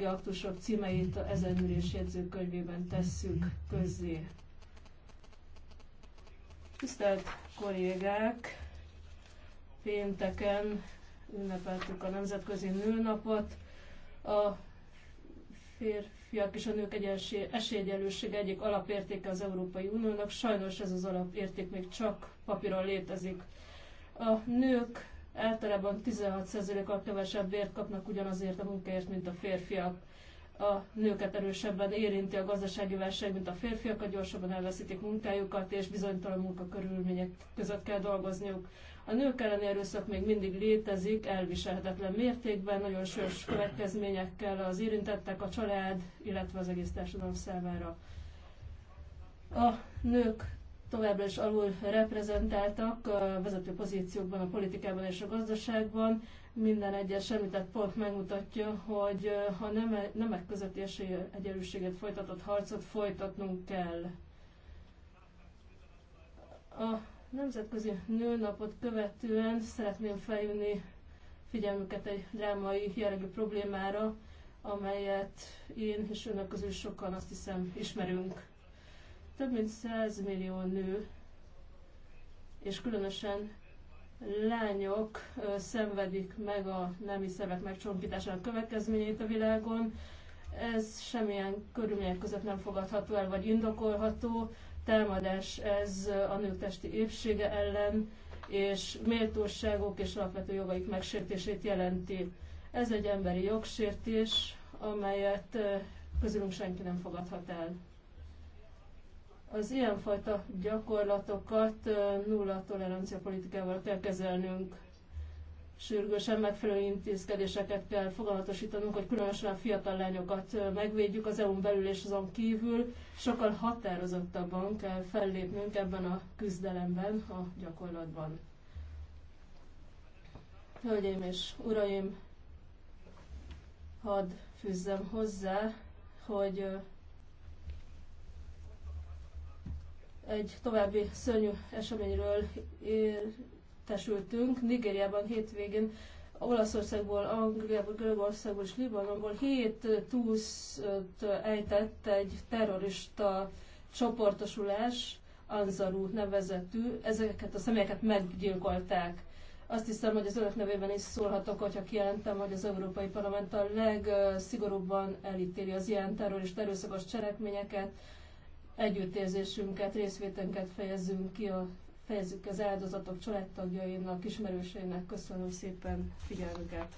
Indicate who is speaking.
Speaker 1: jogi aktusok címeit ezen ülés jegyzőkönyvében tesszük közzé. Tisztelt kollégák! Pénteken ünnepeltük a Nemzetközi Nőnapot. A férfiak és a nők esélyegyenlőség egyik alapértéke az Európai Uniónak. Sajnos ez az alapérték még csak papíron létezik. A nők általában 16%-kal kevesebb bért kapnak ugyanazért a munkáért, mint a férfiak. A nőket erősebben érinti a gazdasági válság, mint a a gyorsabban elveszítik munkájukat, és bizonytalan munkakörülmények között kell dolgozniuk. A nők elleni erőszak még mindig létezik, elviselhetetlen mértékben, nagyon sős következményekkel az érintettek, a család, illetve az egész társadalom számára. A nők továbbra is alul reprezentáltak a vezető pozíciókban, a politikában és a gazdaságban. Minden egyes említett pont megmutatja, hogy ha nem, e, nemek közötti egyenlőséget folytatott harcot folytatnunk kell. A Nemzetközi Nőnapot követően szeretném felhívni figyelmüket egy drámai jellegű problémára, amelyet én és önök közül sokan azt hiszem ismerünk. Több mint 100 millió nő, és különösen lányok szenvedik meg a nemi szervek megcsonkításának következményeit a világon. Ez semmilyen körülmények között nem fogadható el, vagy indokolható. Támadás ez a nők testi épsége ellen, és méltóságok és alapvető jogaik megsértését jelenti. Ez egy emberi jogsértés, amelyet közülünk senki nem fogadhat el. Az ilyenfajta gyakorlatokat nulla tolerancia politikával kell kezelnünk. Sürgősen megfelelő intézkedéseket kell fogalmatosítanunk, hogy különösen a fiatal lányokat megvédjük az EU-n belül és azon kívül. Sokkal határozottabban kell fellépnünk ebben a küzdelemben, a gyakorlatban. Hölgyeim és uraim, hadd fűzzem hozzá, hogy egy további szörnyű eseményről értesültünk. Nigériában hétvégén Olaszországból, Angliából, Görögországból és Libanonból hét túszt ejtett egy terrorista csoportosulás, Anzaru nevezetű, ezeket a személyeket meggyilkolták. Azt hiszem, hogy az önök nevében is szólhatok, hogyha kijelentem, hogy az Európai Parlament a legszigorúbban elítéli az ilyen terrorista erőszakos cselekményeket, együttérzésünket, részvétenket fejezzünk ki a fejezzük az áldozatok családtagjainak, ismerőseinek. Köszönöm szépen figyelmüket!